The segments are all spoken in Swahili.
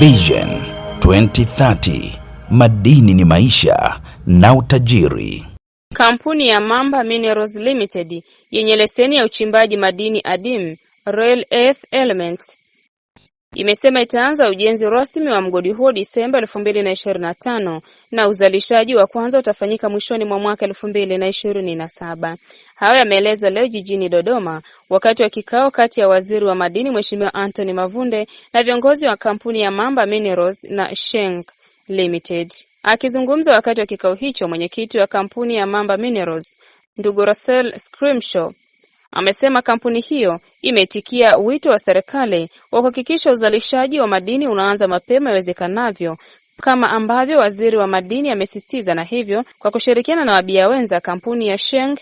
Vision 2030 madini ni maisha na utajiri. Kampuni ya Mamba Minerals Limited yenye leseni ya uchimbaji madini adimu Royal Earth Elements Imesema itaanza ujenzi rasmi wa mgodi huo Disemba 2025 na uzalishaji wa kwanza utafanyika mwishoni mwa mwaka 2027. Hayo yameelezwa leo jijini Dodoma wakati wa kikao kati ya Waziri wa Madini Mheshimiwa Anthony Mavunde na viongozi wa kampuni ya Mamba Minerals na Sheng Limited. Akizungumza wakati wa kikao hicho, mwenyekiti wa kampuni ya Mamba Minerals ndugu Russell Scrimshaw amesema kampuni hiyo imeitikia wito wa serikali wa kuhakikisha uzalishaji wa madini unaanza mapema iwezekanavyo kama ambavyo waziri wa madini amesisitiza, na hivyo kwa kushirikiana na wabia wenza kampuni ya Sheng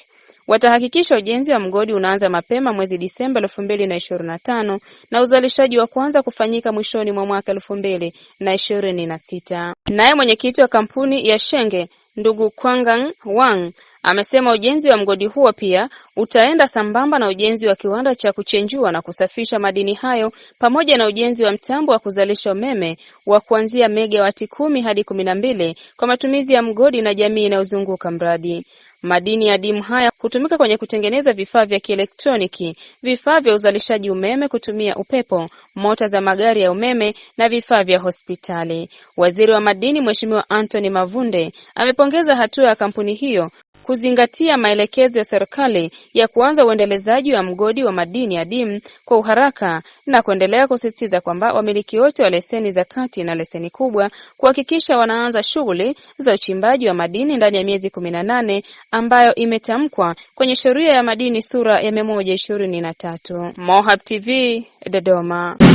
watahakikisha ujenzi wa mgodi unaanza mapema mwezi Disemba 2025 na uzalishaji wa kwanza kufanyika mwishoni mwa mwaka 2026. Naye mwenyekiti wa kampuni ya Shenge ndugu Kwangang Wang Amesema ujenzi wa mgodi huo pia utaenda sambamba na ujenzi wa kiwanda cha kuchenjua na kusafisha madini hayo pamoja na ujenzi wa mtambo wa kuzalisha umeme wa kuanzia megawati kumi hadi kumi na mbili kwa matumizi ya mgodi na jamii inayozunguka mradi. Madini ya dimu haya hutumika kwenye kutengeneza vifaa vya kielektroniki, vifaa vya uzalishaji umeme kutumia upepo, mota za magari ya umeme na vifaa vya hospitali. Waziri wa Madini Mheshimiwa Anthony Mavunde amepongeza hatua ya kampuni hiyo kuzingatia maelekezo ya serikali ya kuanza uendelezaji wa mgodi wa madini adimu kwa uharaka na kuendelea kusisitiza kwamba wamiliki wote wa leseni za kati na leseni kubwa kuhakikisha wanaanza shughuli za uchimbaji wa madini ndani ya miezi kumi na nane ambayo imetamkwa kwenye sheria ya madini sura ya mia moja ishirini na tatu. Mohab TV Dodoma.